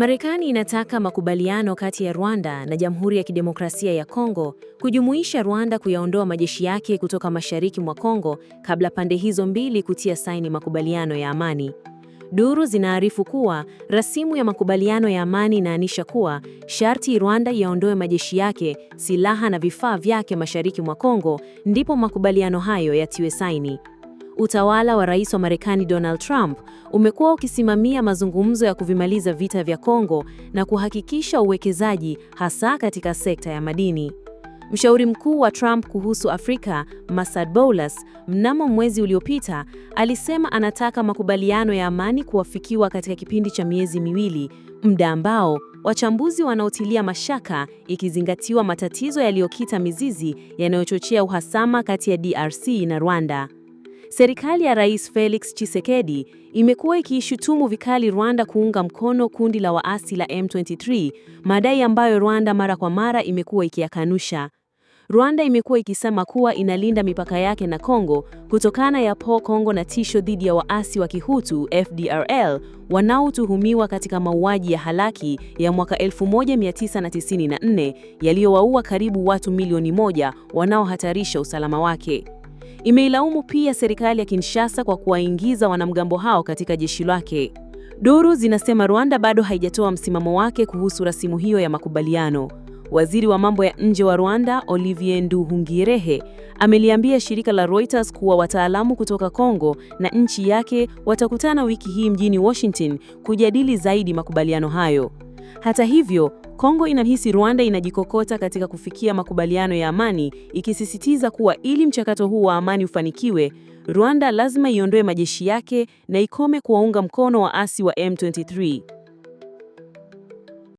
Marekani inataka makubaliano kati ya Rwanda na Jamhuri ya Kidemokrasia ya Kongo kujumuisha Rwanda kuyaondoa majeshi yake kutoka mashariki mwa Kongo kabla pande hizo mbili kutia saini makubaliano ya amani. Duru zinaarifu kuwa rasimu ya makubaliano ya amani inaanisha kuwa sharti Rwanda yaondoe majeshi yake, silaha na vifaa vyake mashariki mwa Kongo ndipo makubaliano hayo yatiwe saini utawala wa rais wa Marekani Donald Trump umekuwa ukisimamia mazungumzo ya kuvimaliza vita vya Kongo na kuhakikisha uwekezaji hasa katika sekta ya madini. Mshauri mkuu wa Trump kuhusu Afrika, Masad Boulas, mnamo mwezi uliopita alisema anataka makubaliano ya amani kuwafikiwa katika kipindi cha miezi miwili, muda ambao wachambuzi wanaotilia mashaka ikizingatiwa matatizo yaliyokita mizizi yanayochochea uhasama kati ya DRC na Rwanda. Serikali ya Rais Felix Tshisekedi imekuwa ikiishutumu vikali Rwanda kuunga mkono kundi la waasi la M23, madai ambayo Rwanda mara kwa mara imekuwa ikiyakanusha. Rwanda imekuwa ikisema kuwa inalinda mipaka yake na Kongo kutokana ya po Kongo na tisho dhidi ya waasi wa Kihutu FDRL wanaotuhumiwa katika mauaji ya halaki ya mwaka 1994 yaliyowaua karibu watu milioni moja wanaohatarisha usalama wake. Imeilaumu pia serikali ya Kinshasa kwa kuwaingiza wanamgambo hao katika jeshi lake. Duru zinasema Rwanda bado haijatoa msimamo wake kuhusu rasimu hiyo ya makubaliano. Waziri wa mambo ya nje wa Rwanda, Olivier Nduhungirehe, ameliambia shirika la Reuters kuwa wataalamu kutoka Kongo na nchi yake watakutana wiki hii mjini Washington kujadili zaidi makubaliano hayo. Hata hivyo, Kongo inahisi Rwanda inajikokota katika kufikia makubaliano ya amani, ikisisitiza kuwa ili mchakato huu wa amani ufanikiwe, Rwanda lazima iondoe majeshi yake na ikome kuwaunga mkono waasi wa M23.